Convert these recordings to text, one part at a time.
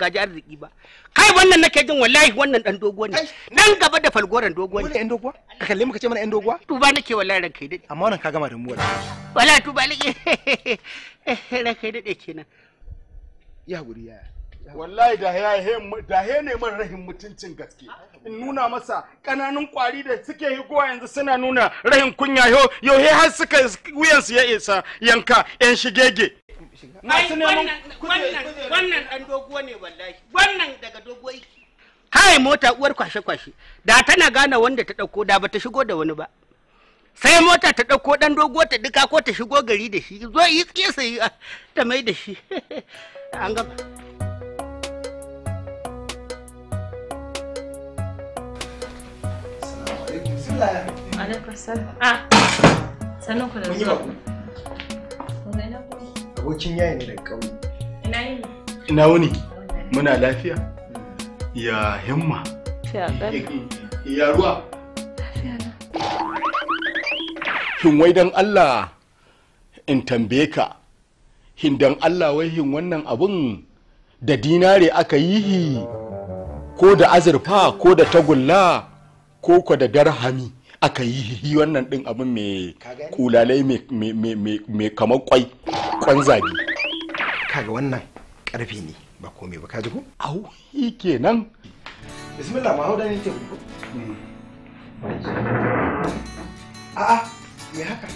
gaji arziki ba kai wannan nake jin wallahi wannan dan dogo ne nan gaba da falgoran dogo ne yan dogo ka kalle muka ce mana yan dogo tuba nake wallahi ranka dade amma wannan ka gama da mu wallahi Wala tuba nake ranka dade kenan ya guri ya wallahi da he ne man rahin mutuncin gaske in nuna masa kananun kwari da suke higowa yanzu suna nuna rahin kunya yo? he har suka wuyansu ya isa yanka yan shigege shiga masu neman wannan wannan dan doguwa ne wallahi wannan daga doguwa yake kai mota uwar kwashe kwashe da tana gane wanda ta dauko da bata shigo da wani ba sai mota ta ɗauko ɗan doguwa ta duka ko ta shigo gari da shi zo yi kisa ah, ta mai da shi an gaba Alaikun salam. Ah, sannan ku da zuwa. abokin yaya ne daga ƙauye ina ina wuni muna lafiya ya himma ya ruwa hin wai dan Allah in tambaye ka hin dan Allah wai hin wannan abun da dinare aka yi ko da azurfa ko da tagulla ko ko da darhami aka yi wannan din abin mai kulalai mai kamar kwai kwan zabi kaga wannan karfi ne ba komai ba kaji ko au yi kenan bismillah ma hauda ne ke ku a'a me haka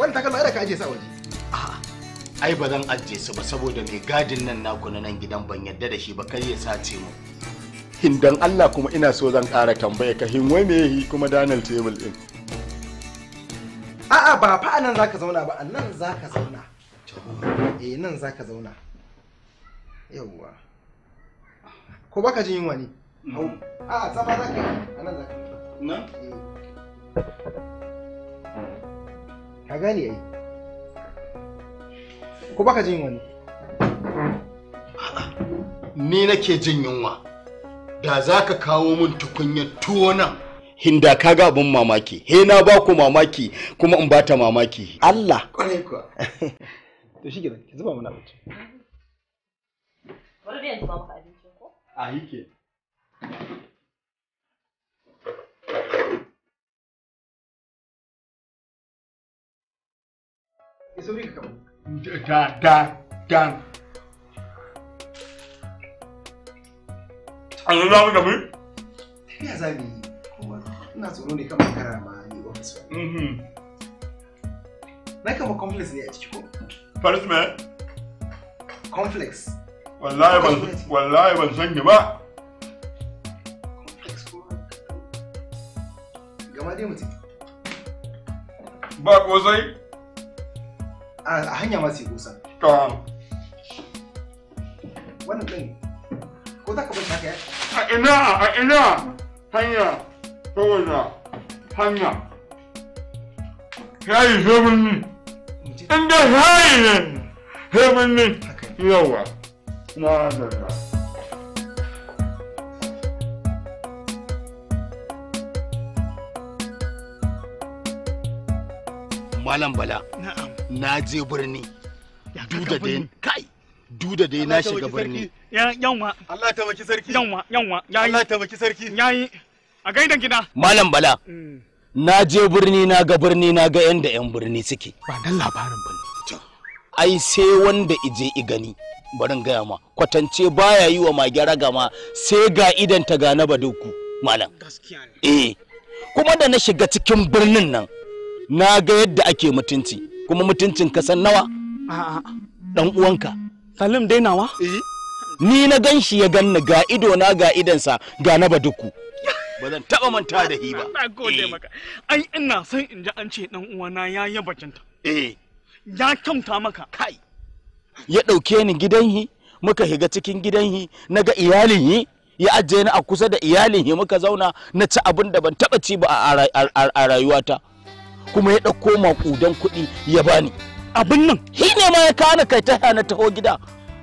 wani takalma da ka ajiye sa waje a'a ai ba zan ajiye su ba saboda mai gadin nan naku na nan gidan ban yadda da shi ba kai ya sace mu hindan Allah kuma ina so zan ƙara tambaya ka wai me yi kuma Daniel table din a'a ba fa anan zaka zauna ba anan zaka zauna eh nan zaka zauna yawwa ko baka mm. eh. jin yunwa ne a'a ba zaka anan zaka nan ka gane ai ko baka jin yunwa ne ni nake jin yunwa da za ka kawo min tukunyar tuwo nan hinda ka ga abin mamaki he na ba ku mamaki kuma in bata mamaki Allah kwarai kuwa to shi gina, ki zuba mana abinci Wani biyan zuba muka abinci ko a yi ke. Isa wuri ka kama. Da da da a yanzu za mu tafi tafiya za mu yi ina tsoro ne kama makara ma ni ofis mhm. na kama complex ne a ciki ko first man complex wallahi ban wallahi ban san ki ba complex ko gama dai mutum ba kosai a hanya ma sai kosa to wannan din ko za ka bar haka ya a ina a ina hanya saboda hanya yayi yi birni inda yi ne sai birni yawa na zarra. Malam Bala. Na je birni. Duda da kai duda dai na shiga birni yanwa Allah ta baki sarki yanwa yanwa yayi Allah ta baki sarki yayi a gaidan gida malam bala mm. na je birni na ga birni na ga da yan birni suke ba dan labarin bane ai sai wanda ije i gani barin gaya ma kwatance baya yi wa mage ragama sai ga idan ta gane baduku malam eh kuma da na shiga cikin birnin nan na ga yadda ake mutunci kuma mutuncin ka san nawa dan uwanka Salim nawa? Eh. Ni na gan shi ya gan ga ido na ga idansa ga na baduku. Ba zan taɓa manta da hi ba. Na gode eh. maka. Ai ina son in ji an ce dan uwana ya yi jinta. Eh. Ya kyauta maka. Kai. Ya ɗauke ni gidan hi, muka shiga cikin gidan hi, ga iyalin hi, ya ajiye ni a kusa da iyalin hi muka zauna na ci abin da ban taba ci ba a rayuwata. Kuma ya ɗauko maƙudan kuɗi ya bani. abin nan shi ne ma ya kana kai ta na taho gida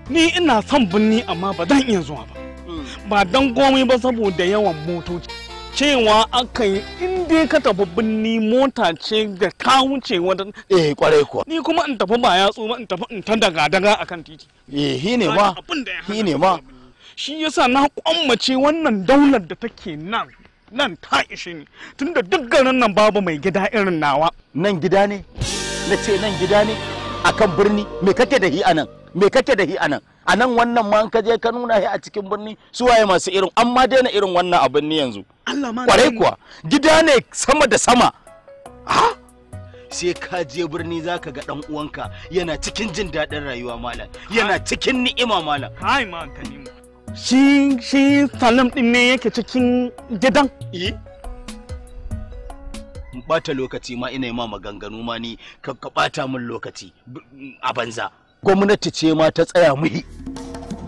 ni ina son binni amma ba zan iya zuwa ba hmm. ba dan komai ba saboda yawan motoci cewa aka yi in dai ka tafi binni mota ce da ka wuce wanda eh kwarai kuwa ni kuma in tafi ba yatsu ba in tafi in ta daga daga akan titi eh hi ne ma hi ne ma shi yasa na kwammace wannan daular da take nan nan ta ishe ni tunda duk garin nan babu mai gida irin nawa nan gida ne na ce nan gida ne akan birni me kake da hi anan me kake da hi anan a nan wannan ma ka je ka nuna hi a cikin birni su waye masu irin an ma daina irin wannan abin ni yanzu kwarai kuwa gida ne sama da sama ha sai ka je birni ka ga dan uwanka yana cikin jin daɗin rayuwa malam yana cikin ni'ima malam shi shi salim din ne yake cikin gidan eh in ɓata lokaci ma ina yi ma maganganu ma ni ka ɓata min lokaci a banza gwamnati ce ma ta tsaya muhi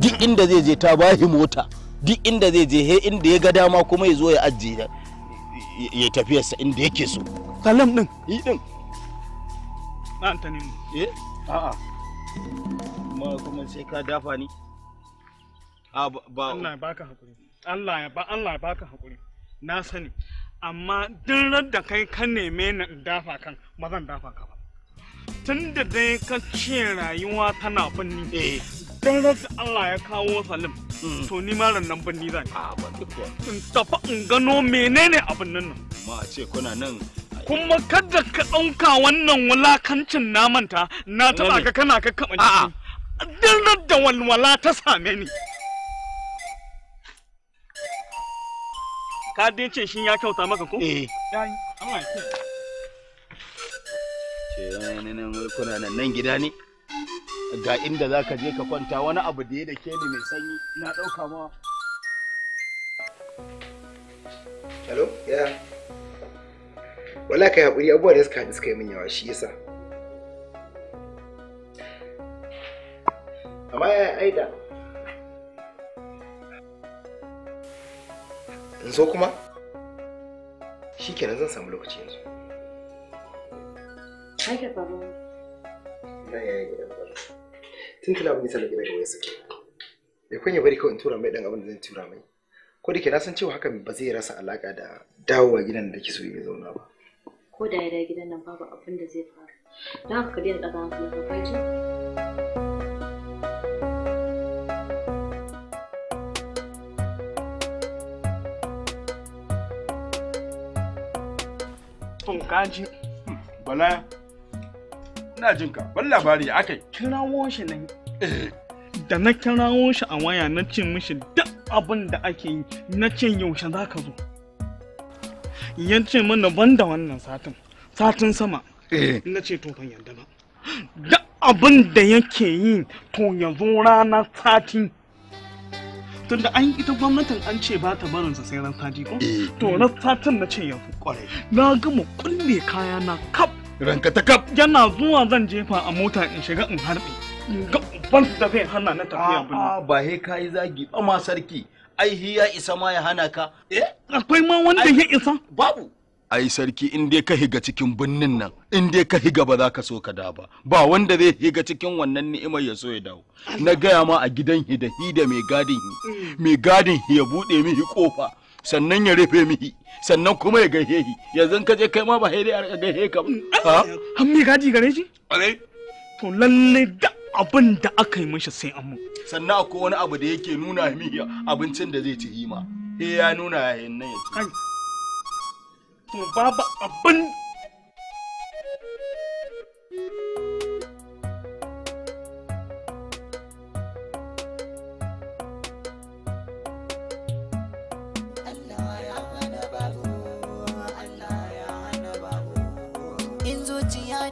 duk inda zai je ta bahi mota duk inda zai je he inda ya ga dama kuma ya zo ya ajiye ya tafiyarsa inda yake so kalam din yi din na antani eh a'a ma kuma sai ka dafa ni a ba Allah ya baka hakuri Allah ya ba Allah ya baka hakuri na sani amma duk da kai ka neme ni in dafa kan ba zan dafa ka ba tun da dai ka ce rayuwa tana binni eh. don rasu Allah ya kawo salim hmm. to ni ma rannan binni zan in tafi in gano menene abin nan ma a ce kuna nan kuma kada ka ɗauka wannan wulakancin na manta na taɓa ka kana ka kamanci duk da walwala ta same ni ka dince shi ya kyauta maka ko eh yayi ne ne ne nan kuna nan nan gida ne ga inda zaka je ka kwanta wani abu da ya da mai sanyi na dauka ma hello yeah wala kai hakuri abuwa da suka haɗu min yawa shi yasa amma ya aida in zo kuma shi kenan zan samu lokaci yanzu Haka baba. Na yayi gidan baba. Tun tuna abin da bai da wayarsa ke. Bai kun bari kawai in tura mai dan abin da zan tura mai. Ko da ke na san cewa hakan ba zai rasa alaka da dawowa gidan da ke so ya zauna ba. Ko da ya da gidan nan babu abin da zai faru. Don haka ka daina ɗaga hankali ba ji. son kaji hmm, bala ina jin ka ban labari aka kirawo shi nan eh. da na kirawo shi a waya na ce mishi duk abin da ake yi na ce yaushe za ka zo ya ce mana ban da wannan satin satin sama eh. na ce to ban yarda ba duk abin da yake yi to ya zo ranar satin Tunda da an ita gwamnatin an ce ba ta barinsa sai ran ko eh. to na satin na ce ya kware na gama kulle kaya na kap ranka ta kap yana zuwa zan jefa a mota in shiga in harbe ban da zai hana na tafiya bane ba he kai zagi ba ma sarki ai ya isa ma ya hana ka eh akwai ma wanda ya isa babu ai sarki in dai ka higa cikin birnin nan in dai ka higa ba za ka so ka da ba ba wanda zai higa cikin wannan ni'imar ya so ya dawo na gaya ma a gidan hidahi da mai gadin mm. mai gadin ya bude mihi kofa sannan ya rufe mihi sannan kuma ya gahe hi yanzu ka je kai ma ba haidai a gahe ka ba ha mai gadi gare shi to lalle da abin da aka yi mishi sai an sannan akwai wani abu da yake nuna mihi abincin da zai ci hima he ya nuna yayin nan ya kuma babu abin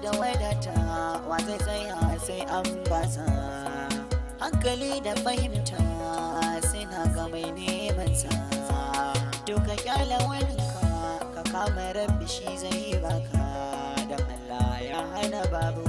da wadata wa zai tsaya sai an basa hankali da fahimta suna ga mai neman sa to ka kama rabbi zai baka da Allah ya hana babu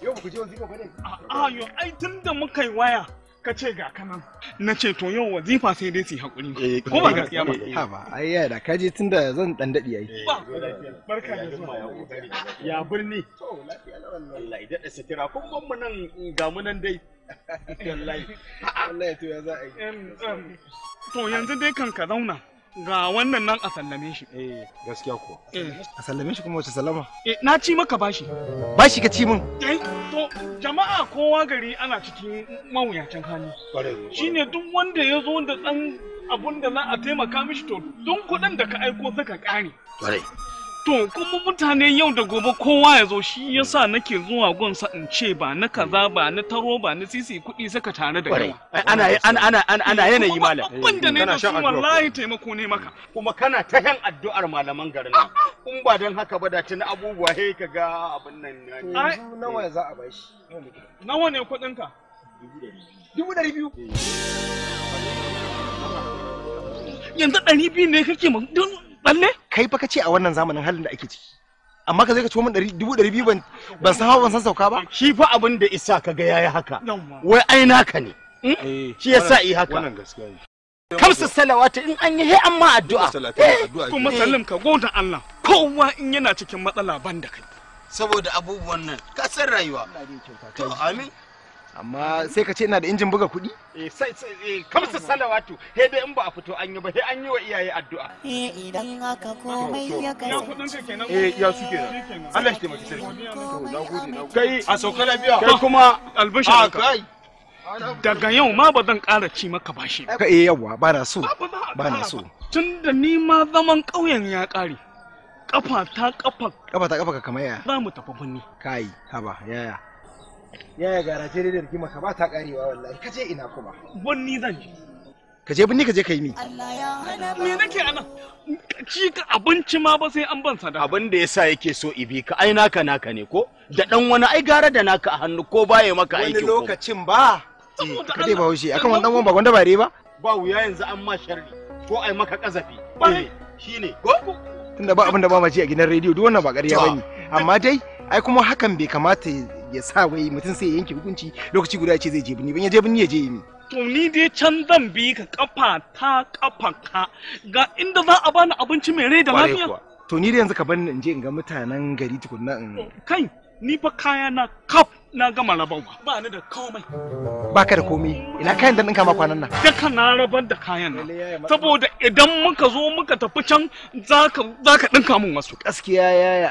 Yau ku je wanzu ko ne? A'a yau ai tun da muka yi waya. ka ce ga kanan na ce to yau wazifa sai dai su yi haƙuri eh, ko ba gaskiya ba eh, eh. ha ba ai ya da kaje tunda zan dan dadi ai barka da zuwa ya ya birni to lafiya na wannan Allah da dada kira kun ban mu nan ga mu nan dai wallahi wallahi to ya za a yi to yanzu dai kan ka zauna ga wannan nan a sallame shi. Eh, gaskiya ko. Eh. A sallame shi kuma wace sallama? Eh, na ci maka bashi. Bashi ka ci min? Eh, to jama'a kowa gari ana cikin mawuyacin hali. Shine duk wanda ya zo da dan abun da za a taimaka mishi to duk kuɗin da ka aiko saka ƙare. To kuma mutane yau da gobe kowa ya zo shi yasa nake zuwa gonsa in ce ba na kaza ba na taro ba na sisi kuɗi saka tare da kai. Ana ana ana yanayi malam. Abin da ne da su wallahi taimako ne maka. Kuma kana ta yan addu'ar malaman garin nan. Kun ba don haka ba da tuni abubuwa he ka ga abin nan. Ai nawa za a bashi? Nawa ne kuɗin ka? Dubu ɗari biyu. Yanzu ɗari biyu ne kake don Lalle? Kai fa kace a wannan zamanin halin da ake ciki. Amma ka zai ka ciwo min dubu ɗari biyu ban san ban san sauka ba. Shi fa abin da isa ka ga yayi haka. Wai ai naka ne. Eh? Eh, shi yasa yi haka. Wannan gaskiya salawata in an yi he amma addu'a eh? kuma sallim ka goda Allah kowa in yana cikin matsala ban da kai saboda abubuwan nan ka san rayuwa to amin amma sai ka ce ina da injin buga kuɗi? Eh, eh, kamsa salawatu he dai in ba a fito an yi ba he an yi wa iyaye addu'a eh idan haka komai ya kai ya ka kenan eh ya su kenan Allah shi taimaki kai a sauka lafiya kai kuma albishir ka daga yau ma ba zan ƙara ci maka bashi ba eh yawa ba na so ba na so tunda ni ma zaman ƙauyen ya ƙare kafa ta kafa kafa ta kafa ka kamar ya za mu tafi binni kai haba yaya ya ya gara je da rigima ka ba ta karewa wallahi ka je ina kuma wani zan je ka je binni ka je ka yi ni me nake ana ci ka abinci ma ba sai an ban sada abin da yasa yake so ibi ka ai naka naka ne ko da dan wani ai gara da naka a hannu ko ba ya maka aiki wani lokacin ba eh, ka dai bahaushe akan wannan wani bagon da bare ba ba wuya yanzu an ma sharri ko ai maka kazafi eh, shine ko tunda ba abin da ba mace a gidan rediyo duk wannan ba ƙarya bane amma dai ai kuma hakan bai kamata ya sa wai mutum sai ya yanke hukunci lokaci guda ce zai je binni ban ya je binni ya je ni to ni dai can zan bi ka kafa ta kafa ka ga inda za a bani abinci mai rai da lafiya to ni dai yanzu ka bani in je in ga mutanen gari tukunna in kai ni fa kaya na kaf na gama rabawa ba ni da komai baka da komai ina kayan dan dinka ma kwanan nan duka na rabar da kayan nan saboda idan muka zo muka tafi can zaka zaka ɗinka mun wasu gaskiya yaya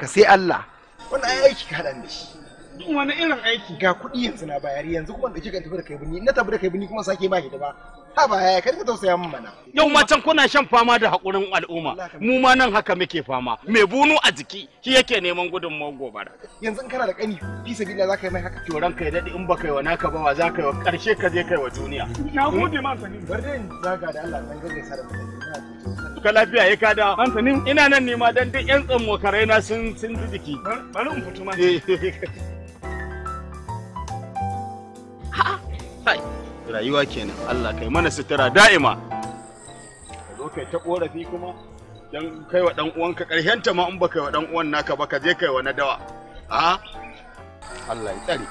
ka, sai Allah wani aiki ka haɗa da shi duk wani irin aiki ga kuɗi yanzu na bayari yanzu kuma da kika tafi da kai bini na tafi da kai bini kuma sake ba hidima ha ba ya kai ka tausaya min mana yau ma can kuna shan fama da hakurin al'umma mu ma nan haka muke fama me bunu a jiki shi yake neman mu gobara yanzu in kana da kani fi sabila zaka yi mai haka to ranka ya dade in baka yi wa naka ba wa zaka yi wa karshe ka je kai wa duniya na hmm? gode ma sanin bar dai zaga da Allah san gaza sa ka lafiya ya kada Antanin ina nan ne ma dan duk yan tsammo karai na sun sun jiki bari in fito ma eh. rayuwa kenan Allah kai mana sutura da'ima ka zo kai ta korafi kuma dan kai wa dan uwanka ta ma in baka wa dan uwan naka ba ka je kai wa na dawa a Allah ya tsare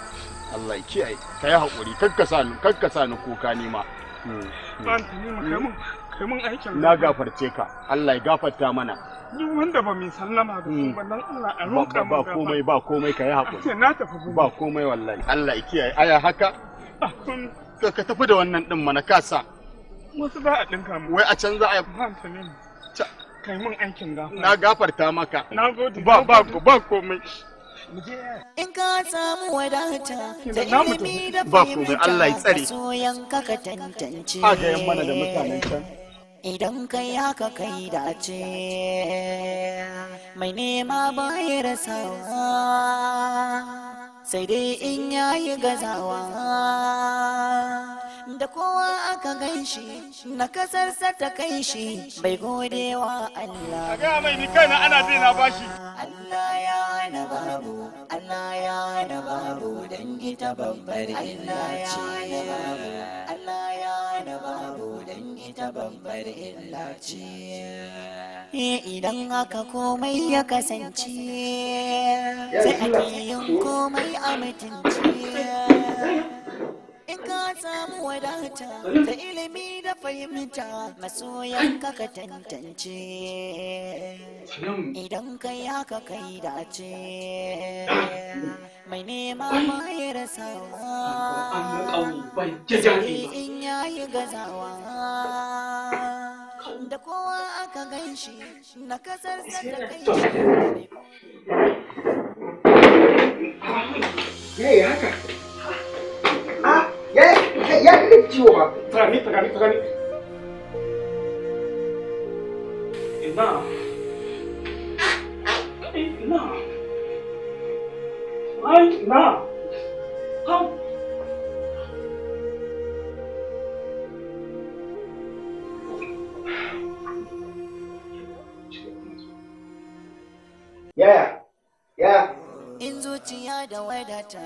Allah ya kiyaye kai hakuri kakkasa ni sa ni kuka ni ma hmm. kai mun aikin na gafarce ka Allah ya gafarta mana ni wanda ba mai sallama da hmm. ba dan Allah a roƙa ba komai ba komai kai hakuri na tafi ba komai wallahi Allah ya kiyaye aya haka ka tafi da wannan din mana kasa wasu za a dinka mu wai a can za a yi kai mun aikin gafa na gafarta maka na gode ba ba ba komai in ka samu wadata da ilimi da fahimta Allah ya tsare soyan ka ka tantance a ga mana da mutanen can idan kai haka kai dace mai nema ba ya rasawa sai dai in yayi gazawa da kowa aka gan shi na kasar sa ta kai shi bai gode wa Allah. Ka gaya mai ni kaina ana bi na bashi. Allah ya hana babu, Allah ya hana babu dan gita babbar illa ce. Allah ya hana babu dan gita babbar illa ce. Idan aka komai ya kasance, sai ake yin komai a mutunci. in ka samu wadata da ilimi da fahimta masoyanka ka tantance idan kai haka kai dace mai nema ma ya rasawa sai in yayi gazawa da kowa aka ganshi, na kasar da kai haka kai ciwo ba tsakani tsakani tsakani ina ina ai ina kam yaya yaya in zuciya da wadata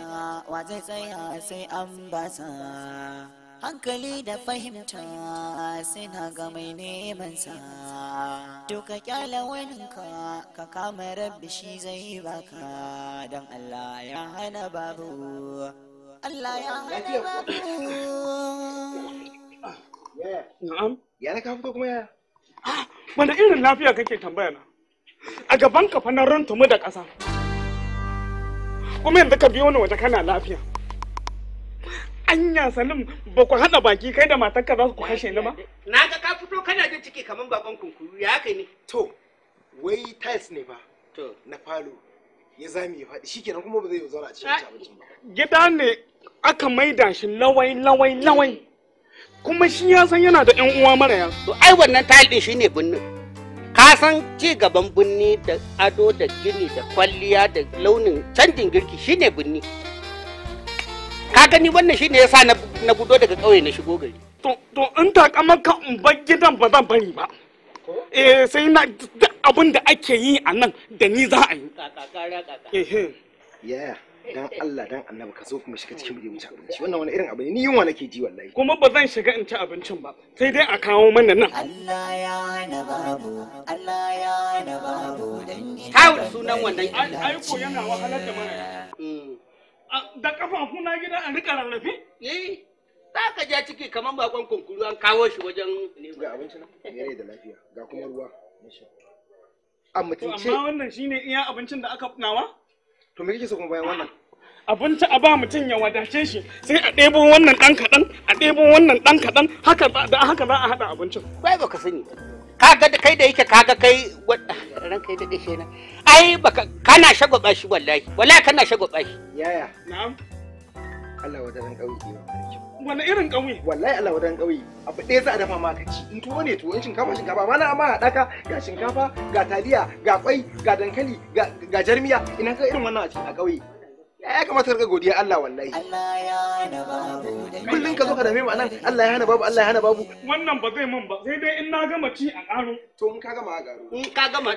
wa zai tsaya sai an basa hankali da fahimta suna ga mai sa. duka kyala waninka ka kama rabbi shi zai baka don allah ya hana babu allah ya hana babu na'am ya na kafa kuma ya ah, wanda irin lafiya kake tambaya na a gaban ka fa na rantumu da ƙasa kuma yanzu ka biyo ni waje kana lafiya anya salim ba ku hana baki kai da matarka za ku kashe ni ba na ga ka fito kana jin ciki kaman baban kunkuru ya kai ne to wai tiles ne ba to na falo ya zami ya faɗi shikenan kuma ba zai yi a cikin abincin ba gida ne aka maida shi lawai lawai lawai kuma shi ya san yana da yan uwa maraya to ai wannan tile din shine binnin ka san ci gaban bunni da ado da gini da kwalliya da launin canjin girki shine binni ka gani wannan shi ne yasa na na gudo daga kauye na shigo gari to to in ta kamar ka in bar gidan ba zan bari ba eh sai na abun abin da ake yi a nan da ni za a yi eh, eh ya dan Allah dan annabi ka zo kuma shiga cikin mu ci abinci wannan wani irin abu ne ni yunwa nake ji wallahi kuma ba zan shiga in ci abincin ba sai dai a kawo mana nan Allah ya na babu Allah ya na babu dan sunan wannan ai ko yana wahalar da mana da kafafu na gida a rika rarrafe? Eh, za ka ja ciki kamar bakon kunkuru an kawo shi wajen ga abinci nan, yare da lafiya, ga kuma ruwa. A mutunce. Amma wannan shine iya abincin da aka nawa? To me kike so kuma bayan wannan? Abinci a ba mutum ya wadace shi sai a ɗebo wannan ɗan kaɗan, a ɗebo wannan ɗan kaɗan, haka da haka za a haɗa abincin. Bai ba ka sani. kaga da kai da yake kaga kai ran kai da dashe na ai baka kana shagwaba shi wallahi wallahi kana shagwaba shi yaya na'am Allah wadaran kauye wani irin kauye wallahi Allah wadaran kauye abu ɗaya za a dafa ma ci in tuwo ne tuwo in shinkafa shinkafa ma na amma haɗaka ga shinkafa ga taliya ga kwai ga dankali ga jarmiya ina ka irin wannan a cikin a kauye ya kamata ka godiya Allah wallahi kullum ka zo ka dame mu anan Allah ya hana babu Allah ya hana babu wannan ba zai man ba sai dai in na gama ci a karo to in ka gama a garo in ka gama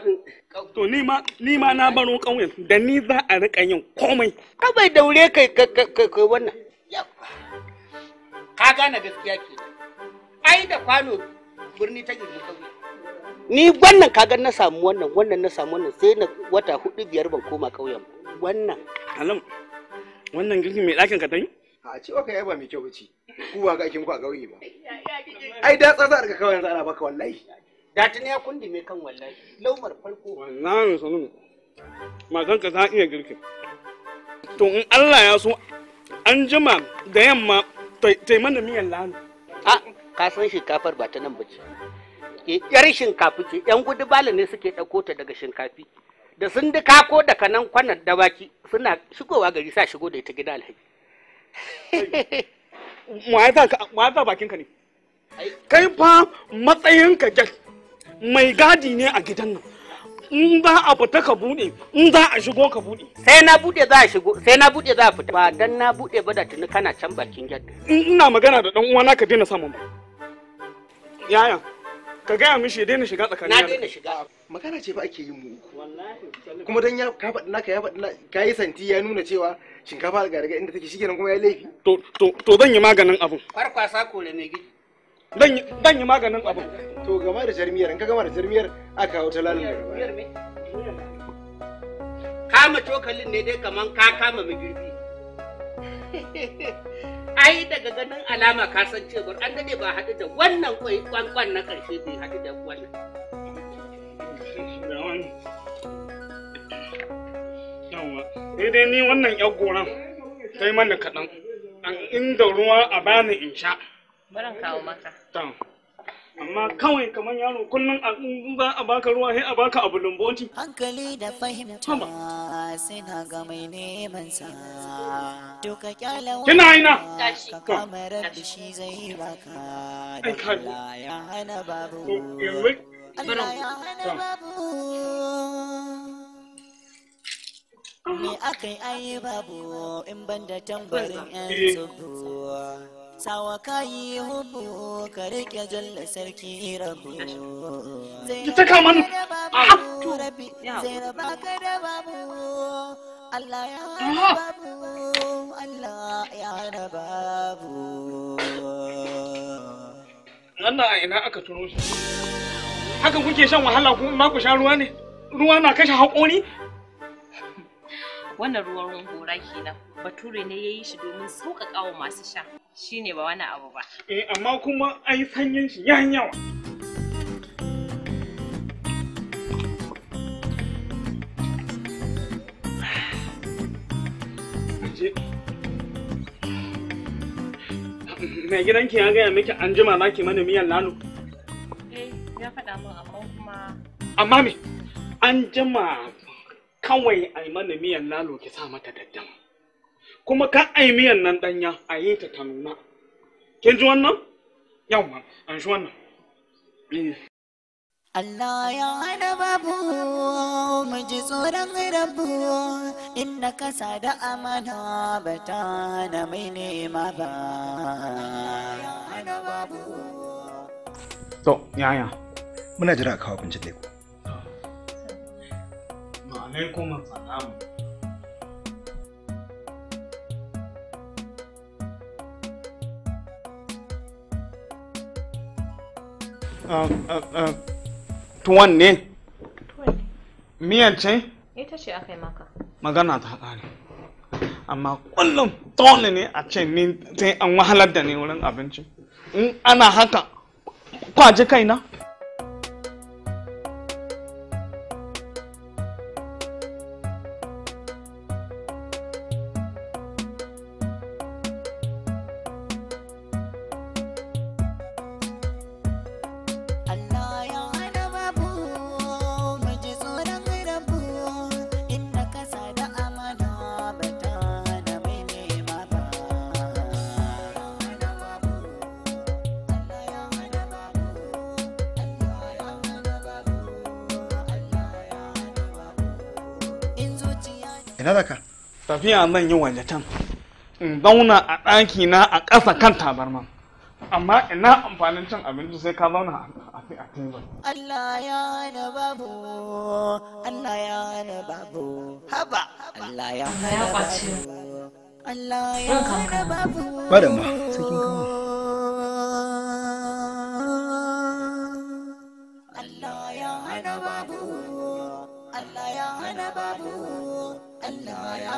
to ni ma ni ma na baro ƙauyen da ni za a rika yin komai ka bai daure kai kai wannan ka gane gaskiya ke ai da kwano birni ta girma kauye ni wannan kaga na samu wannan wannan na samu wannan sai na wata hudu biyar ban koma ƙauyen wannan alam Wannan girki mai ɗakin ka ta yi? A ce ka yaba mai kyau ci ku ba ga aikin ku a gauye ba. Ai da tsatsa daga kawai yanzu ana baka wallahi. Da ta ne ya kundi mai kan wallahi, laumar farko. Wannan sanin matan ka ta iya girkin. To in Allah ya so an jima da yamma ta mana miyan lanu A ka san shinkafar ba ta nan ba ce. Yar shinkafi ce, 'yan gudu bala ne suke ɗauko ta daga shinkafi. da sun da kako da kanan kwanan dawaki suna shigowa gari sa shigo da ita gida alhaji bakin bakinka ne kai fa matsayinka jas mai gadi ne a gidan nan in za a fita ka bude in za a shigo ka bude sai na bude za a shigo sai na bude za a fita ba dan na bude ba da tuni kana can bakin gate ina magana da dan uwana ka daina samun ba yaya ka gaya mishi ya daina shiga tsakanin na daina shiga magana ce ba ake yi mu uku kuma dan ya ka faɗi naka ya faɗi ka yi santi ya nuna cewa shinkafa ga daga inda take shikenan kuma ya laifi to to to zan yi maganin abun farkwasa ko ne gidi dan yi maganin abun to gama da jarmiyar in ka gama da jarmiyar aka kawo ta lalin kama cokalin ne dai kaman ka kama magirbi ai daga ganin alama ka san cewa an dade ba haɗu da wannan kwai kwankwan na karshe bai haɗu da wannan. Daidai ni wannan yar goron sai mana kaɗan. An inda ruwa a bani in sha. Baran kawo maka. amma kawai kamar yaro kullum ba a baka ruwa sai a baka abu lumboti hankali da fahimta na ga mai neman sa ka kyala kina ina ka da shi zai baka ya hana babu Me aka yi babu in banda tambarin eh. 'yan tsohuwa. sawa kayi hubu ka rike jalla sarki rabu ki saka mani ah, zai raba ka da babu Allah ya babu Allah ya babu Allah ina aka turo shi hakan kuke shan wahala kuma ma ku sha ruwa ne ruwa na kashe haƙori. wannan ruwan gora kenan bature ne ya yi shi domin sauƙaƙa wa masu sha shine ba wani abu ba eh amma kuma ai sanyin shi ya yawa mai gidanki ya gaya miki an jima na mana miyan lalo eh ya faɗa min amma kuma amma me an jima kawai a mana miyan lalo ki sa mata daddam kuma kan a yi miyan nan danya a yi ta ta nuna kin ji wannan yawwa an ji wannan eh. Allah ya hana babu mu ji tsoron rabu inda ka da amana ba ta na mai nema ba. To, yaya. Muna jira kawo kunci teku. Välkommen Madame. Tuwan ne? Miyan ce? Ita ce aka yi maka. Magana ta ƙare. Amma kullum dole ne a ce ni sai an wahalar da ni wurin abinci. In ana haka kwaje kaina? tafiya zan yi wajatan in zauna a ɗaki na a ƙasa kan tabarma amma ina amfanin cin abinci sai ka zauna a tebur. Allah ya na babu, Allah ya na babu, haba Allah ya na babu, Allah ya na babu.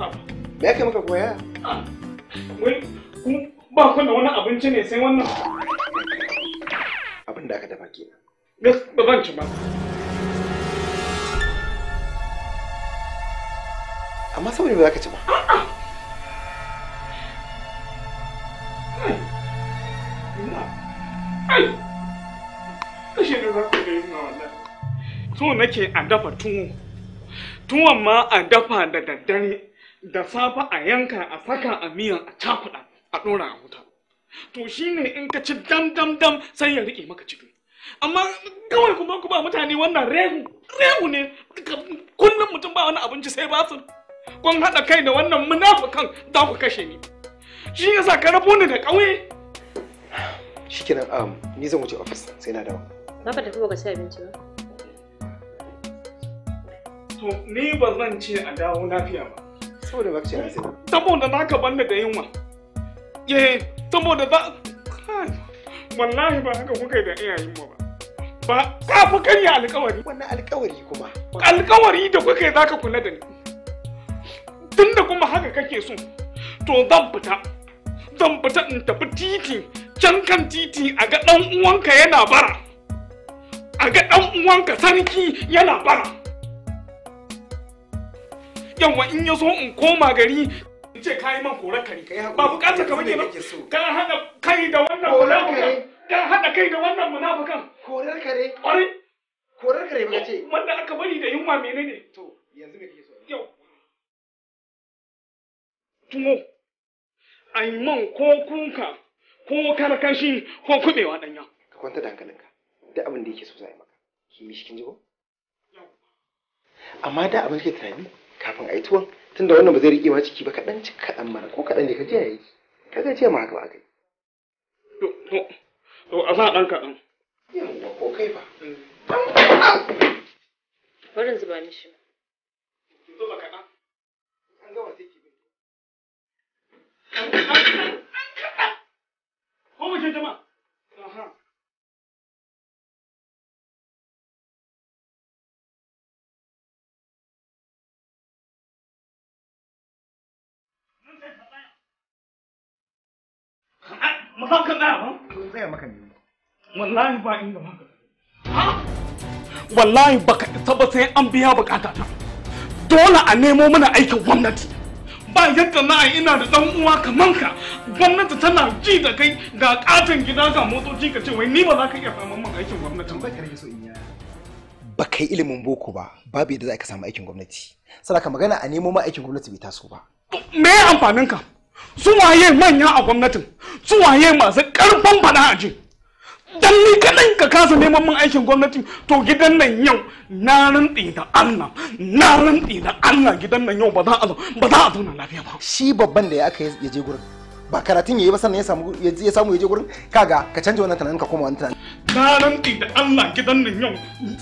Me ya maka koya? Ah, wai, ba ku da wani abinci ne sai wannan. Abin da aka dafa ke. Gas, Ba ban ci ba. Amma saboda ba za ka ci ba. Kashe Tuwo nake a dafa tuwo. Tuwon ma a dafa da daddare. da safe a yanka a saka a miyan a cakuɗa a ɗora a wuta to shine in ka ci dam dam dam sai ya riƙe maka ciki amma kawai kuma kuma mutane wannan rehu rehu ne kullum mutum ba wani abinci sai ba su. kun haɗa kai da wannan munafukan za ku kashe ni shi yasa ka rabu ni da ƙauye shikenan um ni zan wuce office sai na dawo ba tafi ba ka ci abinci ba to ni ba zan ce a dawo lafiya ba saboda ba ka ce saboda za ka banna da yunwa eh saboda za wallahi ba haka kuka yi da iyayen mu ba ba ka fi karya alkawari wannan alkawari kuma alkawari da kuka yi za ka kula da ni tunda kuma haka kake so to zan fita zan fita in tafi titi can kan titi a ga ɗan uwanka yana bara a ga ɗan uwanka sarki yana bara yawa in ya so in koma gari in ce yi man korar kare ba bukatar ka bane ba kan hada kai da wannan munafukan kan hada kai da wannan munafukan korar kare ƙwarai korar kare ba ce wanda aka bari da yunwa menene to yanzu me kake so yau tumo ai man ko kuka ko karkashi ko kubewa danya ka kwanta da hankalinka duk abin da yake so za a yi maka ki mishi kin ji ko amma da abin da ke tunani kafin a yi tuwon tun da wannan ba zai rike ma ciki ba kaɗan ci kaɗan mana ko kaɗan ne ka je yayi ka ga ce ma haka ba kai to a sa ɗan kaɗan yawwa ko kai ba mm. barin zuba mishi zuba kaɗan an gama sai ki bin ko mu je jama'a za Wallahi baka isa ba sai an biya bukata ta. Dole a nemo mana aikin gwamnati. Ba yadda na ina da dan uwa kaman ka. Gwamnati tana ji da kai ga katon gida ga motoci ka ce wai ni ba za ka iya samun min aikin gwamnati ba kare so in Ba kai ilimin boko ba, babu yadda za ka samu aikin gwamnati. ka magana a nemo ma aikin gwamnati bai taso ba. Me amfanin ka? su manya a gwamnatin su masu karfin fada a ji dan ni kaɗan ka kasa neman min aikin gwamnati to gidan nan yau na rantsi da Allah na rantsi da Allah gidan nan yau ba za a ba za a na lafiya ba shi babban da ya aka ya je gurin ba karatun yayi ba sannan ya samu ya samu ya je gurin kaga ka canja wannan tunanin ka koma wannan tunanin na rantsi da Allah gidan nan yau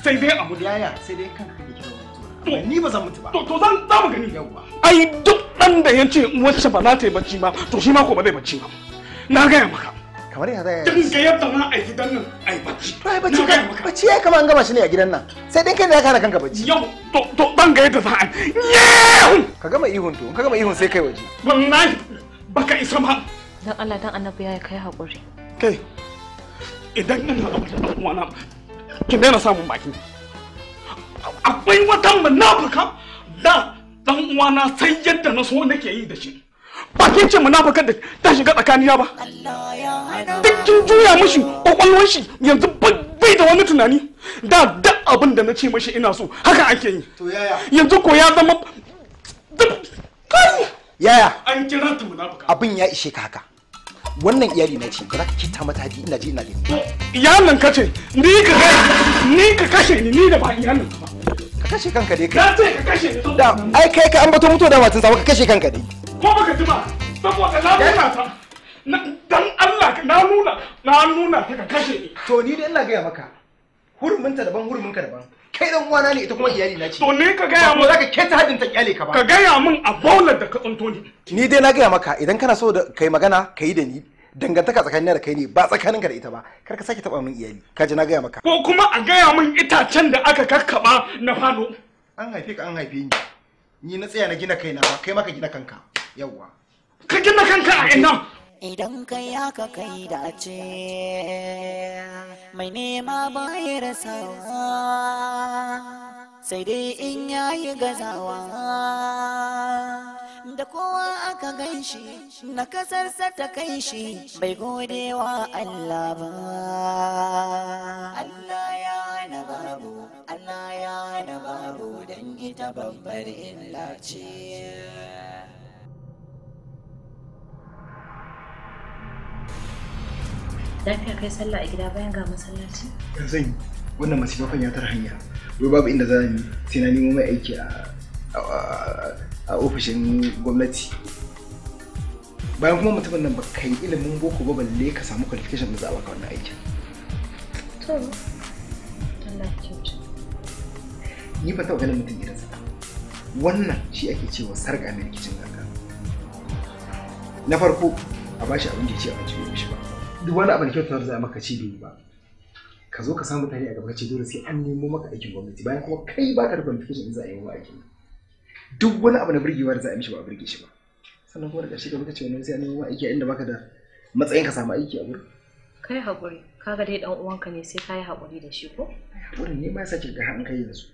sai dai abu yaya sai dai kanka da ni ba zan mutu ba to to zan za mu gani yawa ai duk dan da ya ce wacce ba za ta yi bacci ba to shi ma ko ba zai bacci ba na gaya maka kamar ya zai din ga yadda ma a gidan nan ai bacci to ai bacci bacci ai kamar an gama shi ne a gidan nan sai dai kai ne ka hana kanka bacci yau to to dan ga yadda za a ka gama ihun to ka gama ihun sai kai waje wallahi baka isa ma dan Allah dan annabi ya kai hakuri kai idan ina abu da uwana kin daina samun baki akwai wata munafuka da dan uwana sai yadda na so nake yi da shi ba ke ce munafukan da ta shiga tsakanina ba duk kin juya mishi kwakwalwar shi yanzu bai da wani tunani da duk abin da na ce mishi ina so haka ake yi yanzu ko ya zama yaya an kira ta munafuka abin ya ishe ka haka wannan iyali na ce ba za ka mata haji ina ji ina gani iyalin ka ce ni ka kai ni ka kashe ni ni da ba iyalin ka ka kashe kanka dai kai ce ka kashe ni da ai kai ka ambato mutuwa da matan sa ka kashe kanka dai ko baka ji ba saboda na nuna ta dan Allah na nuna na nuna ka kashe ni to ni dai ina ga maka hurumin ta daban hurumin ka daban kai dan uwana ne ita kuma iyali na ce to ne ka gaya mun zaka keta hadin ta kyale ka ba ka gaya mun a baular da ka tsunto ni ni dai na gaya maka idan kana so da kai magana kai da ni dangantaka tsakanin da kai ne ba tsakanin ka da ita ba kar ka sake taba min iyali ka ji na gaya maka ko kuma a gaya min itacen da aka kakkaba na fano an haife ka an haife ni ni na tsaya na gina kaina ba kai maka gina kanka yawwa ka gina kanka a ina idan kai haka kai dace mai nema bayar sawa sai dai in yayi gazawa da kowa aka ganshi shi na kasarsa ta kai shi bai gode wa Allah ba Allah ya na babu Allah ya na babu don ita babbar illa ce lafiya kai sallah a gida bayan ga masallaci ya zan wannan masifafan ya tara hanya wai babu inda za yi sai na nemo mai aiki a ofishin gwamnati bayan kuma mutumin nan baka yi ilimin boko ba balle ka samu qualification da za a baka wannan aikin to Allah kyauta ni ba taɓa ganin mutum irinsa wannan shi ake cewa sarƙa mai rikicin ganga na farko a bashi abin da ya ce a bai mishi ba duk wani abu da kyautar za a maka ci bai ba ka zo ka samu mutane a gaba ce dole sai an nemo maka aikin gwamnati bayan kuma kai baka da in za a yi wa aikin duk wani abu na da za a mishi ba a burge shi ba sannan kuma da ƙarshe gaba ka ce wannan sai an nemo aiki a inda baka da matsayin ka samu aiki a wurin kai haƙuri kaga dai dan uwanka ne sai kai haƙuri da shi ko haƙuri ne ma sake ga hankali kai yanzu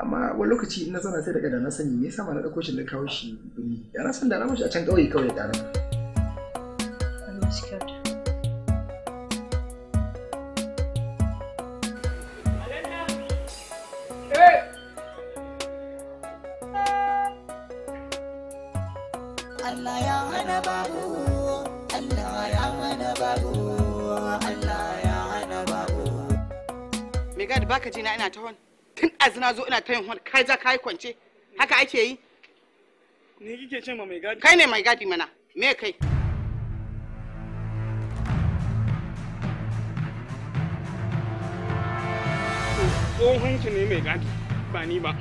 amma wani lokaci na zauna sai daga da na sani me yasa ma na ɗauko shi na kawo shi birni da na san da na mashi a can kawai kawai da na yaptığımız gördü. Allah ya hana ya baka jina ina ta hon? Tun azina zo ina ta yin hon, kai za kai kwance. Haka ake yi? kike ce ma mai gadi? Kai ne mai gadi mana. Me kai? tsohonki ne mai gadi ba ni ba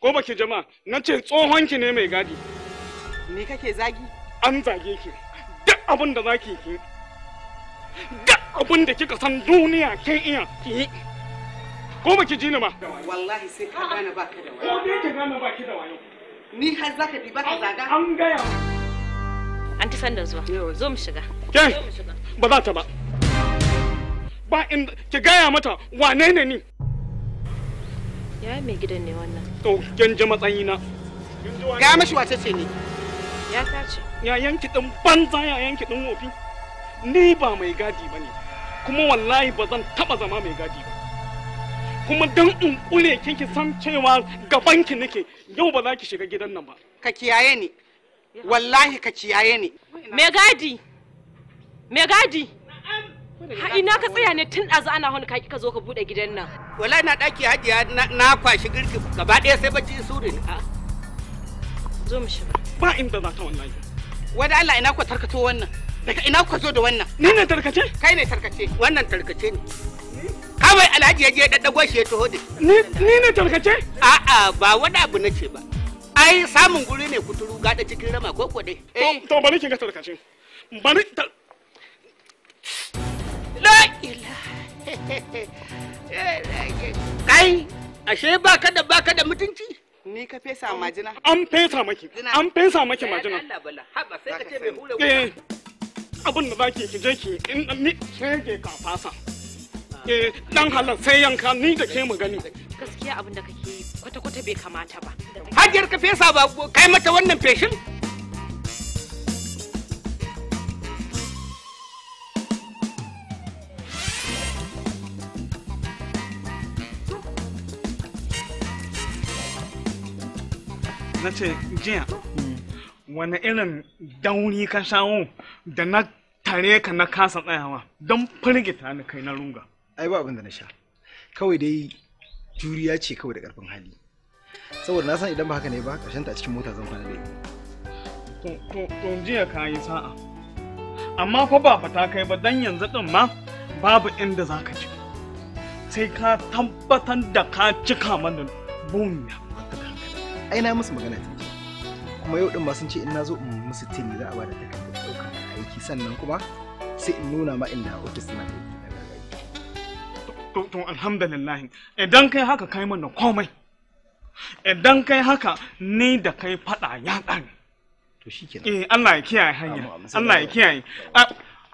ko baki jama'a na ce tsohonki ne mai gadi ni kake zagi an zage ki duk abin da zaki ki duk abin da kika san duniya kin iya ki ko baki ji ni ma wallahi sai ka gane baka da wayo ko dai ka gane baki da wani. ni har zaka bi baka zaga an gaya an ti sanda zuwa zo mu shiga ke ba za ta ba ba in ki gaya mata wane ne ni ya mai gidan ne wannan to kin ji matsayi na ga mashi wace ce ne ya tace ya yanki din banza ya yanki din wofi ni ba mai gadi bane kuma wallahi ba zan taba zama mai gadi ba kuma dan in kule ki san cewa gaban ki nake yau ba za ki shiga gidan nan ba ka kiyaye ni wallahi ka kiyaye ni. mai gadi, mai gadi, Ha ina ka tsaya ne tun ɗazu ana hannu kaki ka zo ka buɗe gidan nan. Wala na ɗaki hajiya na kwashi girki gaba ɗaya sai bacci suri ne. Zo mu shiga. Ba in da ta wannan. Wani Allah ina ku tarkato wannan. Daga ina ku zo da wannan. Ni ne tarkace? Kai ne tarkace. Wannan tarkace ne. Kawai Alhaji ya je shi ya taho da. Ni ne tarkace? A'a ba wani abu na ce ba. Ai samun guri ne kuturu gaɗa cikin rama ko ko dai. To eh. bari kin ga tarkace. Bari ila Kai, ashe baka da baka da mutunci? Ni ka fesa majina. An fesa maki. An fesa maki majina. Allah bala, haba sai ka ce bai hura wuta. da zaki ki je ki in ni shege ka fasa. Eh, dan halar sai yanka ni da ke magani. Gaskiya abin da kake yi kwata-kwata bai kamata ba. Hajiyar ka fesa ba kai mata wannan feshin? na ce jiya hmm. wani irin dauni ka shawo da na tare ka na kasa tsayawa don firgita ni kai na runga ai ba abin da na sha kawai dai juriya ce kawai da karfin hali saboda na san idan ba haka ne ba karshen ta cikin mota zan kwana da to jiya ka yi sa'a amma fa ba fata kai ba dan yanzu din ma babu inda za ka ci sai ka tabbatar da ka cika mana bumiya aina musu magana ta kuma yau din ba sun ce in na zo in musu tini za a ba da takardar ɗaukar aiki sannan kuma sai in nuna ma inda ofis na aiki to to alhamdulillah idan kai haka kai mana komai idan kai haka ni da kai fada ya ƙare to shikenan eh Allah ya kiyaye hanya Allah ya kiyaye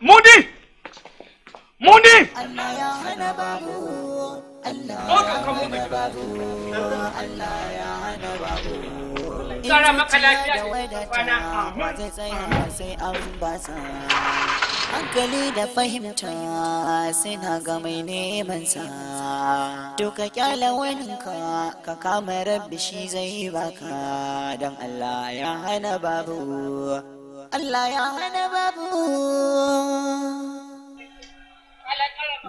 mudi muni Allah ya hana babu Allah ya hana babu hankali da fahimta suna ga mai neman sa duka kyala waninka ka kama rabbi shi zai baka don Allah ya hana babu Allah ya hana babu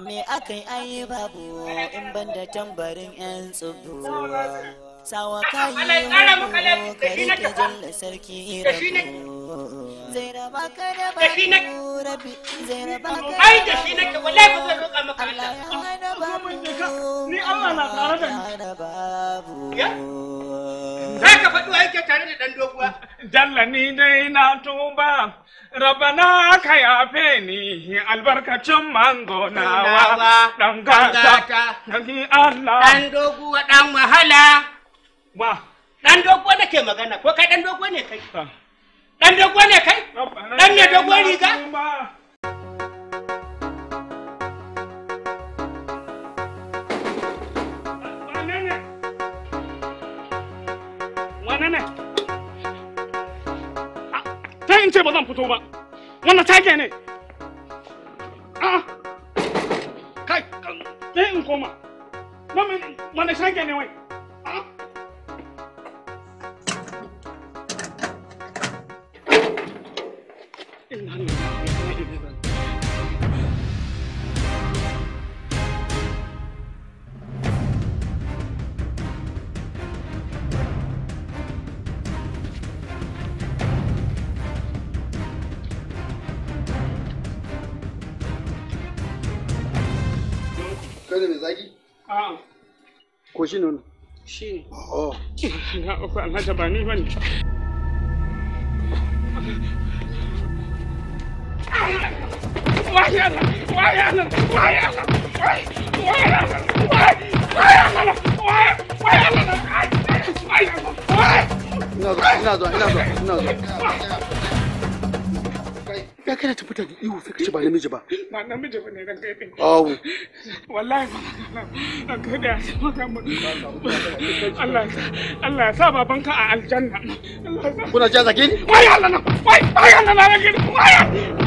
me aka yi babu in banda tambarin 'yan tsubu sawa kai ka rike jalla sarki rabu zai raba ka da babu rabi zai raba ka da ba Allah ya ah. hada babu ni na za ka faɗi wa yake tare da ɗan doguwa ni dai na tuba rabana ka yafe ni albarkacin mangonawa. Ɗan dan gata Allah dan doguwa ɗan wahala Wa. Dan dogo magana ko kai dan dogo ne kai? Ah. Dan dogo ne kai? Dan ne dogo riga? Ah, in ce ba zan fito ba. Wannan take ne. Ah. Kai, kai in koma. Wannan shage ne wai. Kai mai A'a. Ko shi nono? Shi ne. Oh. Na uku amma ba ni kana ihu sai ba namiji ba ba namiji awu wallahi Allah Allah ya sa a aljanna kuna jaza wai Allah na wai Allah na wai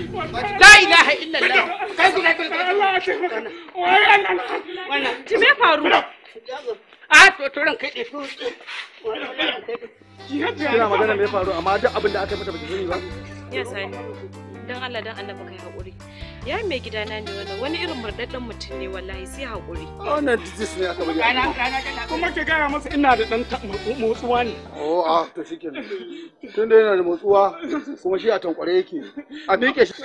la ilaha illallah kai ku kai ku wannan wannan ki me faru a to to ran kai kina magana me faru amma duk abin da aka mata baki sani ba yes ai dan Allah dan Allah baka yi hakuri Ya mai gida na ne wannan wani irin murɗaɗɗen mutum ne wallahi sai haƙuri. Wannan disease ne aka buga. Kana kana kuma ke gaya masa ina da ɗan motsuwa ne. Oh a ah, to shi kenan. Tun da yana da motsuwa kuma shi a tankware yake. A miƙe shi.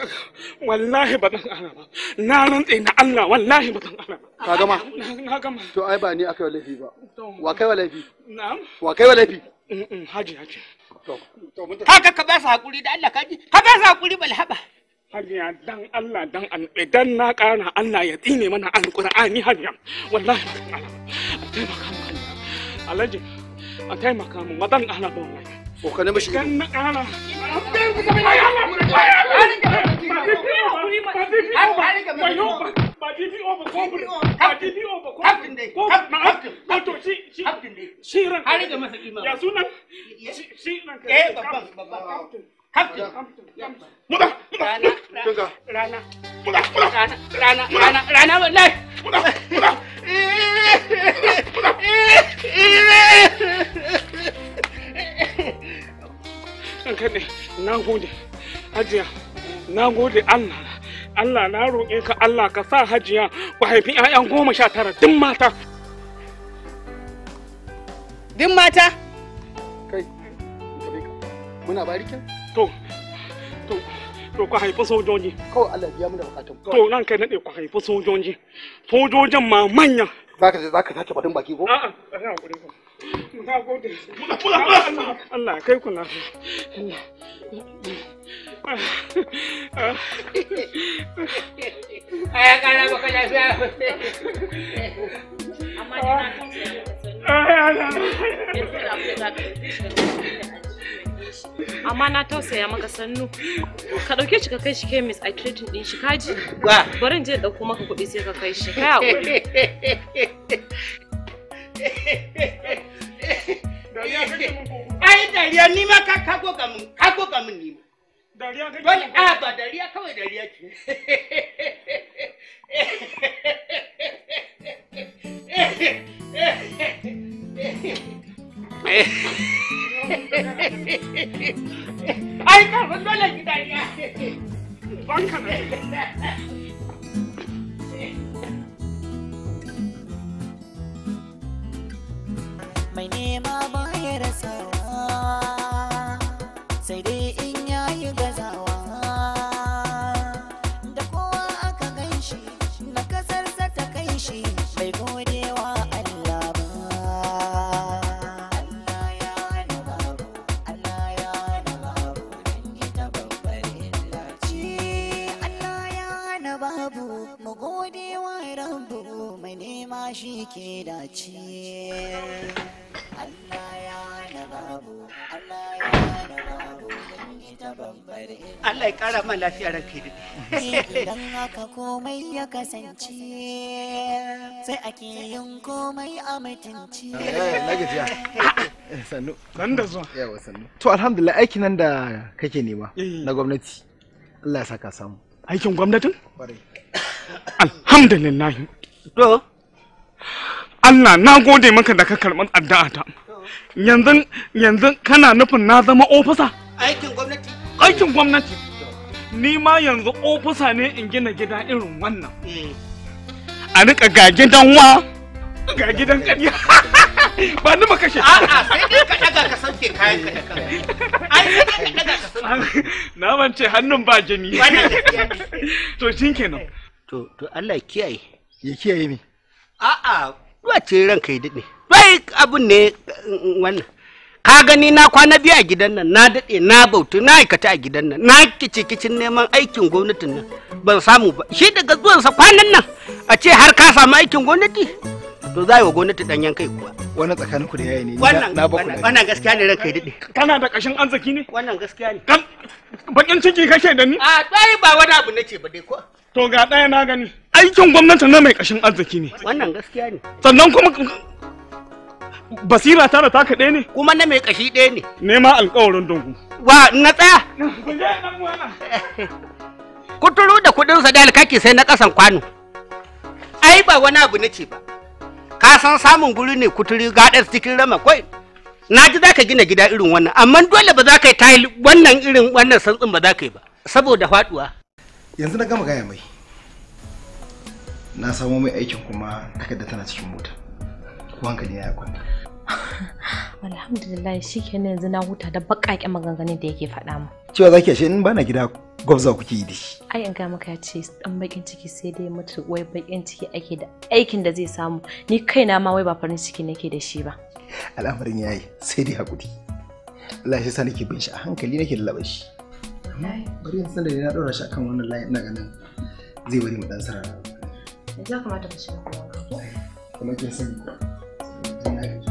Wallahi ba dan ana ba. Na rantse na Allah wallahi ba dan ana ba. Ka gama? Na gama. To ai ba ni aka yi laifi ba. Wa kai wa laifi? Na'am. Wa kai wa laifi? Haji haji. To. Haka ka ba su haƙuri da Allah ka ji. Ka ba su haƙuri balhaba. hanya dan Allah dan Allah dan na kana Allah ya tsine mana alƙur'ani hanya wallahi a taimaka mu alhaji a taimaka mu madan Allah ba wallahi ko ka nemi shi dan na ƙara Shiran, ya sunan? Eh, babban, babban. hafti muda muda rana muda muda rana rana rana rana wallahi muda muda kanne na gode hajiya na gode Allah Allah na roƙe ka Allah ka sa hajiya ku haifi 'ya'yan goma sha tara din mata din mata kai muna barikin to to to ka haifi sojoji kawai Allah biya mu da bukatun to nan kai nade ku haifi sojoji sojojin ma manya zaka je zaka tace badin baki ko a'a a ran gurin ku na gode Allah kai ku na aya kana baka ja sa amma ni na amma na tausaya maka sannu ka dauke shi ka kai shi kemis a treating din shi kaji barin je dauko maka kuɗi sai ka kai shi kai hakuri ai dariya ni ma ka kago ga mun kago ga mun ni dariya ga dariya kawai dariya ce ai mai nema ba rasawa sai kara ma lafiya ran kai dai dan haka komai ya kasance sai ake yin komai a mutunci eh, na gajiya eh, sannu nan da zuwa yawa sannu to alhamdulillah aikin nan da kake nema eh. na gwamnati Allah ya saka samu aikin gwamnatin alhamdulillah to Allah na gode maka da ka karɓi addu'a ta yanzu yanzu kana nufin na zama ofisa aikin gwamnati aikin gwamnati ni ma yanzu ofisa ne in gina gida irin wannan eh. a rika ga gidan wa ga gidan ƙarya ba ni maka shi a'a sai dai ka daga ka ke kayan ka da kanka ai ka daga ka sauke na mance hannun ba jini to shin kenan eh. to to Allah kiyaye ya kiyaye a a'a wace ranka yi dade bai abun ne mm, mm, wannan ka gani na kwana biyu a gidan nan na daɗe na bautu na aikata a gidan nan na kici kicin neman aikin gwamnatin nan ban samu ba shi daga sa kwanan nan a ce har ka samu aikin gwamnati to za wa gwamnati yan kai kuwa wannan tsakanin ku da yayi ne na ba ku wannan gaskiya ne ranka daɗe kana da ƙashin arziki ne wannan gaskiya ne kan bakin ciki kake da ni a dai ba wani abu nace ba dai ko to ga ɗaya na gani aikin gwamnati na mai ƙashin arziki ne wannan gaskiya ne sannan kuma basira ta da taka ɗaya ne kuma na mai ƙashi ɗaya ne nema alƙawarin dungu wa na tsaya kuturu da kudin sa da alkaki sai na ƙasan kwano ai ba wani abu na ce ba ka san samun guri ne kuturi gaɗar cikin rama kwai na ji za ka gina gida irin wannan amma dole ba za ka yi tayil wannan irin wannan santsin ba za ka yi ba saboda faɗuwa. yanzu na gama gaya mai na samo mai aikin kuma takarda tana cikin mota ko hankali ya kwanta alhamdulillah shi ke yanzu na huta da baƙaƙen maganganun da yake faɗa mu cewa zaki ashe in bana gida gwabza kuke yi da shi ai in ga maka ya ce dan bakin ciki sai dai mutu wai bakin ciki ake da aikin da zai samu ni kaina ma wai ba farin ciki nake da shi ba al'amarin yayi sai dai hakuri Allah shi sa nake bin shi a hankali nake lallaba shi bari in sanda na daura shi akan wannan layin na ganin zai bari mu dan sarara ya kamata ka shiga kuma kuma kin sani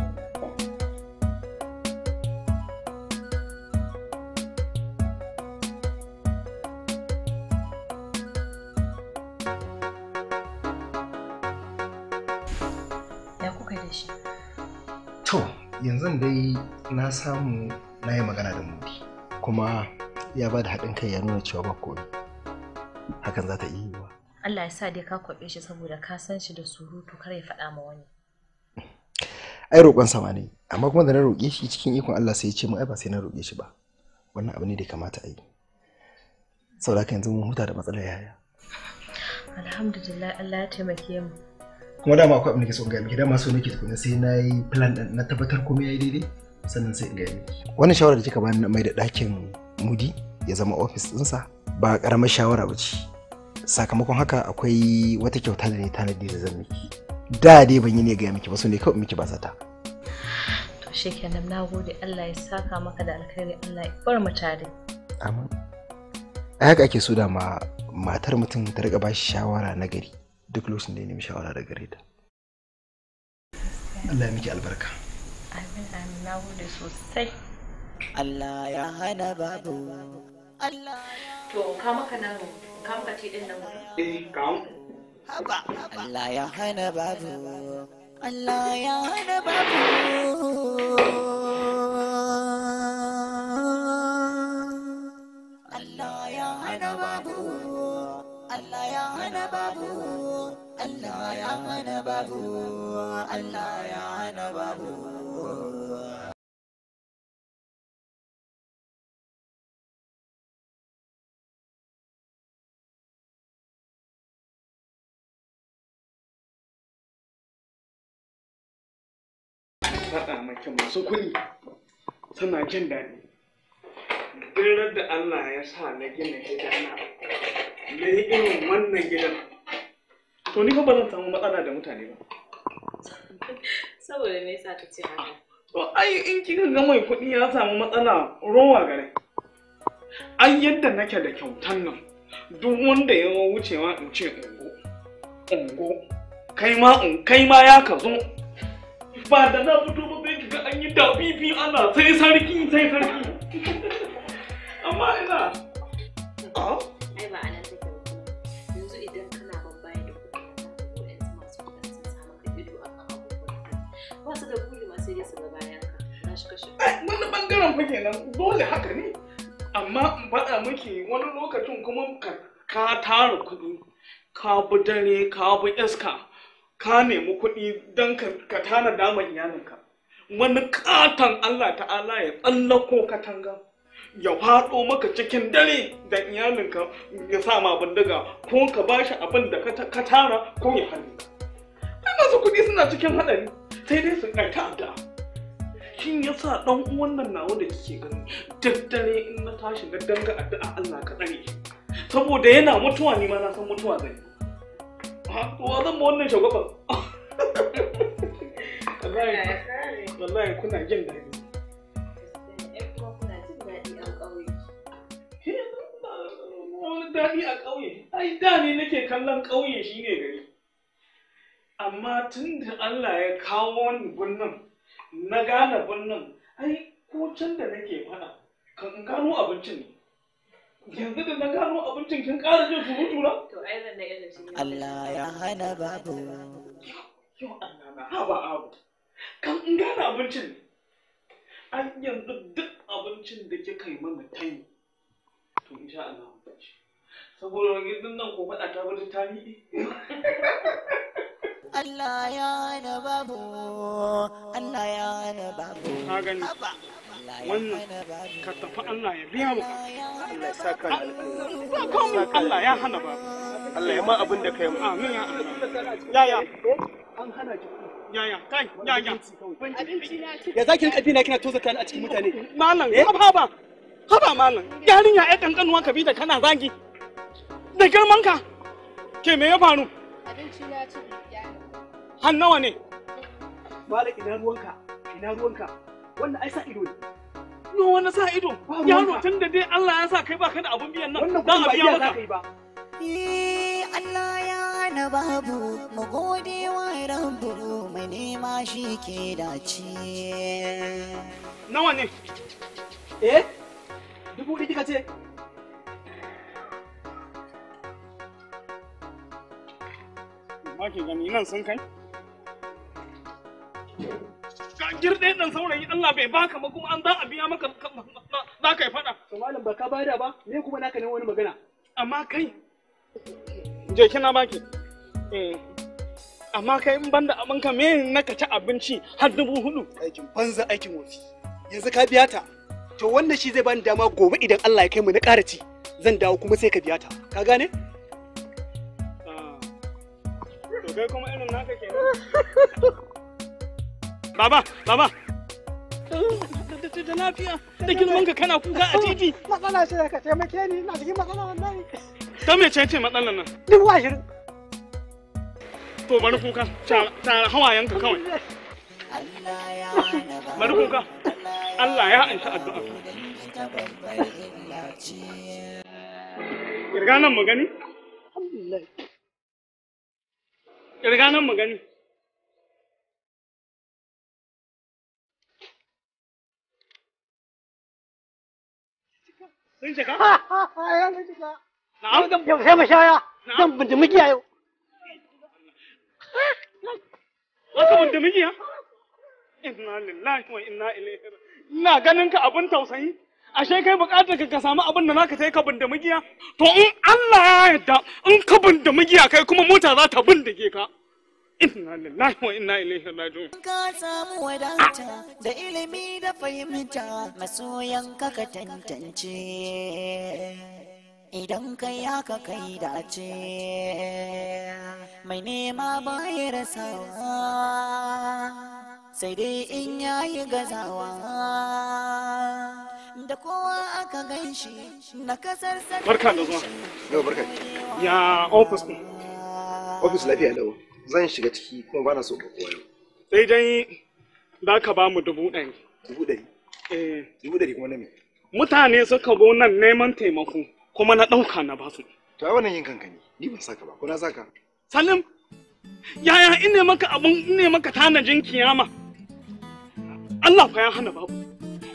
yanzu dai na samu na yi magana da mudi kuma ya ba da haɗin kai ya nuna cewa bako ne, hakan za ta iya yiwa Allah ya sa dai ka kwaɓe shi saboda ka san shi da surutu kar ya faɗa ma wani ai roƙon sama ne amma kuma da na roƙe shi cikin ikon Allah sai ya ce mu ai ba sai na roƙe shi ba wannan abu ne da kamata a yi saboda haka yanzu mun huta da matsalar yaya alhamdulillah Allah ya taimake mu kuma dama akwai abin da ke so in miki dama so nake tukuna sai na yi plan na tabbatar komai yi daidai sannan sai in gaya miki wannan shawara da kika bani na mai da ɗakin mudi ya zama ofis ɗinsa ba ƙaramar shawara ba ce sakamakon haka akwai wata kyauta da ne tanadi da zan miki da dai ban yi ne gaya miki ba so ne kawai miki ba zata to shikenan na gode Allah ya saka maka da alkhairi Allah ya bar mu tare amin. a haka ake so da ma matar mutum ta riga ba shi shawara na gari duk lokacin da ya nemi shawara da gare ta Allah ya miki albarka amin amin na gode sosai Allah ya hana babu Allah to ka maka nan ka maka ce din nan eh ka haba Allah ya hana babu Allah ya hana babu Allah ya hana babu Allah ya hana babu Allah ya hana babu Allah ya hana babu faɗa maki masu kuni suna jin daɗi duk da Allah ya sa na gina gidana na yi irin wannan gidan To ni fa ba zan samu matsala da mutane ba. Saboda me yasa ka ce haka? To ai in kika ga mai kuɗi ya samu matsala rowa gare. Ai yadda nake da kyautan nan duk wanda ya wucewa in ce ungo. Ungo. Kai ma kai ma ya ka zo. Ba da na fito ba sai kiga an yi dabibi ana sai sarki sai sarki. Amma ina. Oh. kashe. Eh, wani bangaren fa kenan dole haka ne. Amma in faɗa miki wani lokacin kuma ka tara kuɗi, ka bi dare, ka bi iska, ka nemi kuɗi don ka tana dama iyalinka. Wani katon Allah ta'ala ya tsallako katanga. ya faɗo maka cikin dare da iyalinka ya sa ma bindiga ko ka bashi abin da ka tara ko ya hannu. Ai masu kuɗi suna cikin haɗari sai dai su ɗauka addu'a. shin yasa dan uwan nan na wanda kike gani daddare in na tashi na danga addu'a Allah ka tsare saboda yana mutuwa ni ma na san mutuwa zai wa zan ba wannan shagwaban wallahi kuna jin daɗi wani daɗi a ƙauye ai da ne nake kallon ƙauye shine gari amma tun da Allah ya kawo wani gunnan na gane birnin ai ko can da nake fada kan gano abincin ne yanzu da na gano abincin kin ƙara jin surutu na to ai zan da irin shi Allah ya hana babu yo Allah na haba abu kan in gane abincin an ai yanzu duk abincin da kika yi mana tani to insha Allah saboda gidan nan ko faɗa ta wani tani Allah ya hana babu Allah ya hana babu haba wannan ka Allah ya biya mu Allah ya saka Allah ya hana babu Allah ya ma abin da kai mu amin ya yaya an hana ki yaya za ki ya zaki rika kina toza a cikin mutane malam eh? haba haba malam yarinya ai kankanuwa ka bi da kana zagi da girmanka ke me ya faru abinci na ci han nawa ne bala ina ruwanka ina ruwanka wannan ai sa ido ne no wannan sa ido yaro tun da dai Allah ya sa kai ba ka da abun biyan nan dan a biya maka Allah ya na babu mu gode wa rabu mai nema shi ke dace nawa ne eh dubu ɗi kika ce ma ke gani nan sun kai Ka girɗe ɗan saurayi Allah bai baka ba kuma an za a biya maka za ka yi faɗa. To malam ba ka bada ba, me kuma naka ne wani magana? Amma kai, je kina baki. Eh, amma kai in banda abin ka me na ka ci abinci har dubu hudu. Aikin banza aikin wofi. Yanzu ka biya ta. To wannan shi zai bani dama gobe idan Allah ya kai mu na ƙara ci. Zan dawo kuma sai ka biya ta. Ka gane? Ah. To kai kuma irin naka kenan. Baba, baba. Da lafiya, da girman ka kana kuka a titi. Matsala ce ka taimake ni, ina cikin matsala wallahi. Ta me ce ce matsalar nan? Dubu ashirin. To bari kuka, tara hawayen ka kawai. Bari kuka. Allah ya anshi addu'a. Kirga nan mu Kirga nan mu gani? Na lillahi wa inna ilaihi. Ina ganin ka abin tausayi. Ashe kai bukatar ka samu abin da naka sai ka bindimi To in Allah ya yarda in ka bindimi kai kuma mota za ta bindige ka. Inna lillahi wa inna ilaihi raji'un. Ka samu wadata da ilimi da fahimta masoyan ka ka tantance. Idan kai ya haka kai dace, mai nema baya rasawa. sai dai in yayi gazawa da kowa aka gan shi na kasar sarki barka da zuwa ya ofis ofis lafiya lawa zan shiga ciki kuma bana so ba koyo sai dai za ka ba mu dubu ɗari dubu ɗari eh dubu ɗari kuma na me mutane suka zo nan neman taimako kuma na ɗauka na basu to ai wannan yin kanka ne ni ban saka ba ko na saka salim yaya ne maka abun ne maka tanajin kiyama Allah fa ya hana babu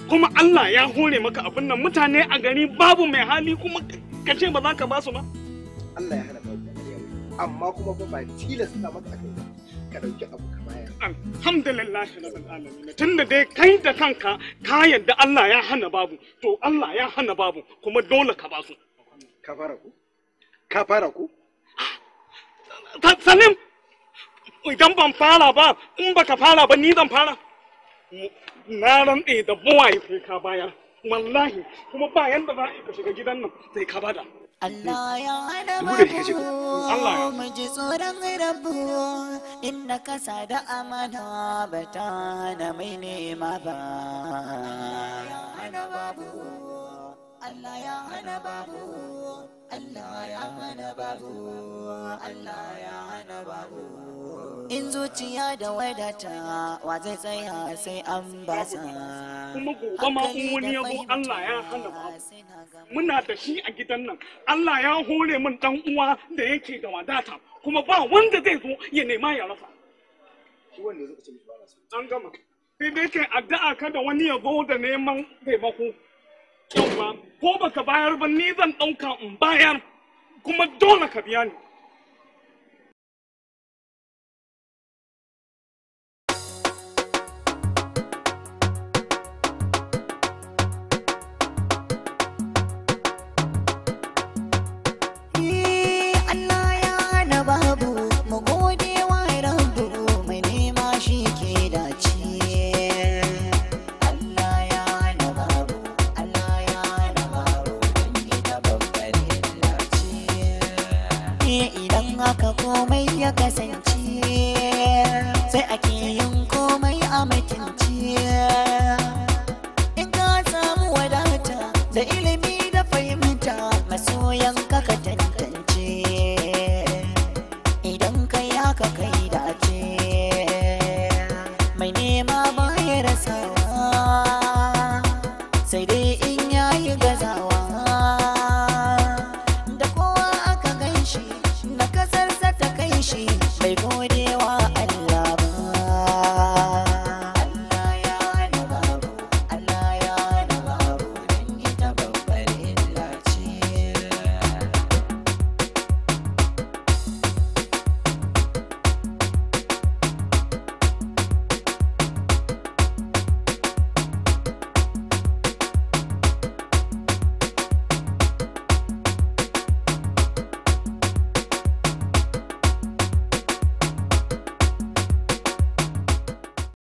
kuma Allah ya hore maka abin nan mutane a gari babu mai hali kuma ka ce ba za ka su ba Allah ya hana amma kuma ba ba tilasta maka kai ka dauki abu ka baya. alhamdulillah rabbil alamin tunda dai kai da kanka ka yadda Allah ya hana babu to Allah ya hana babu kuma dole ka basu ka fara ku ka fara ku salim idan ban fara ba in baka fara ba ni zan fara na rantse da buwaye sai ka bayar wallahi kuma ba yanda za ka shiga gidan nan sai ka bada Allah ya hana mabu mu ji tsoron rabu inda kasa da amana ba ta na mai nema ba. Allah ya hana babu Allah ya hana babu Allah ya hana babu in zuciya da wadata wa zai tsaya sai an basa kuma gobe ma in wani yabo Allah ya hana ba muna da shi a gidan nan Allah ya hore min dan uwa da yake da wadata kuma ba wanda zai zo ya nema ya rafa. shi wanda zai ce ba an gama sai dai kai addu'a kada wani yabo da neman taimako yauwa ko baka bayar ba ni zan ɗauka in bayar kuma dole ka biya ni